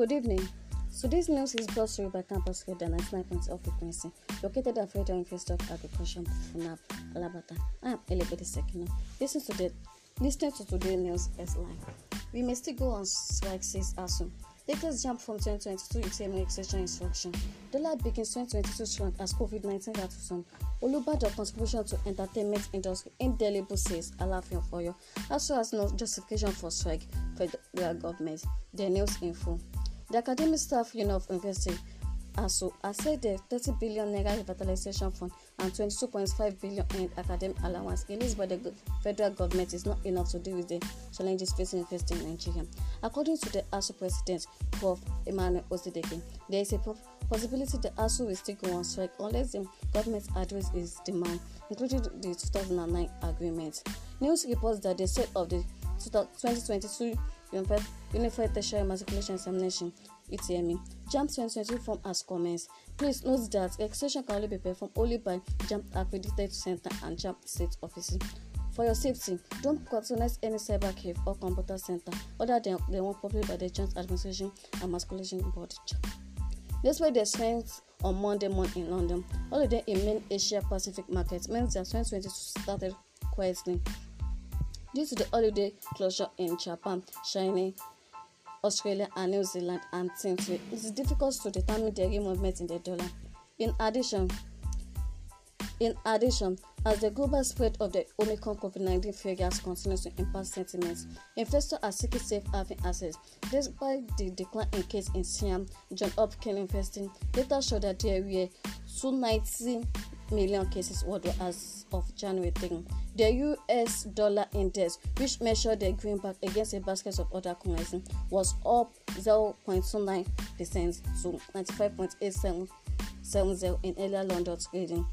Good evening. So this news is brought to you by Campus Radio 99.0 frequency, located at Federal Institute of Agriculture, Funab, Alabata. I am Elebede Sekino. Listen to the listen to today's news as live. We may still go on strike says ASU. Latest jump from 2022 UTM extension instruction. Dollar begins 2022 strong as COVID-19 rattles Olubadan contribution to entertainment industry indelible says Alaafin of Oyo. ASU has no justification for strike federal government. The news info. The academic staff union of university ASU uh, has said the 30 billion naira revitalization fund and 22.5 billion in academic allowance released by the federal government is not enough to deal with the challenges facing university in Nigeria. According to the ASU president, Prof. Emmanuel Osideke, there is a possibility the ASU will still go on strike unless the government addresses its demand, including the 2009 agreement. News reports that the state of the 2022 Unified e Tertiary Matriculation Examination UTME. JAMB 2022 form has commenced. Please note that examination can only be performed only by JAMB accredited center and JAMB state offices. For your safety, don't patronize any cyber cave or computer center other than the one proposed by the Joint Administration and Matriculation Board. This way they spent on Monday morning in London. Holiday in main Asia Pacific markets means that 2022 started quietly due to the holiday closure in Japan, China, Australia, and New Zealand, and things. It is difficult to determine the real movement in the dollar. In addition, in addition, as the global spread of the Omicron COVID 19 variant continues to impact sentiments, investors are seeking safe haven assets. Despite the decline in case in Siam, John Hopkins Investing data showed that there were 219 million cases worldwide as of January 3. The US dollar index, which measured the greenback against a basket of other currencies, was up 0.29% to 95.8770 in earlier London trading.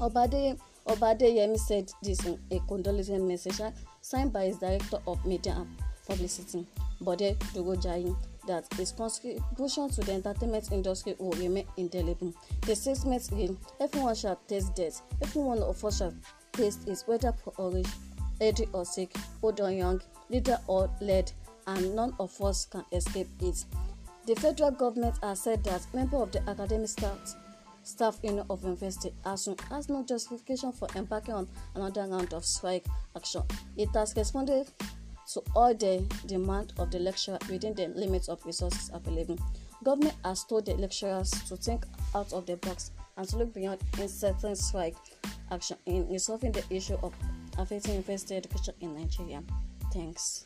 Obade, Obadeyemi said this in a condolence message signed by his director of media and publicity, Bode Dogojayi that its contribution to the entertainment industry will remain indelible. The statement read, Everyone shall taste death, Everyone of us shall taste it, whether poor aged or sick, old or young, leader or led, and none of us can escape it. The federal government has said that members of the academic staff staff union of university soon as no justification for embarking on another round of strike action. It has responded to all the demand of the lecturer within the limits of resources available. Government has told the lecturers to think out of the box and to look beyond incessant strike action in resolving the issue of affecting university education in Nigeria. Thanks.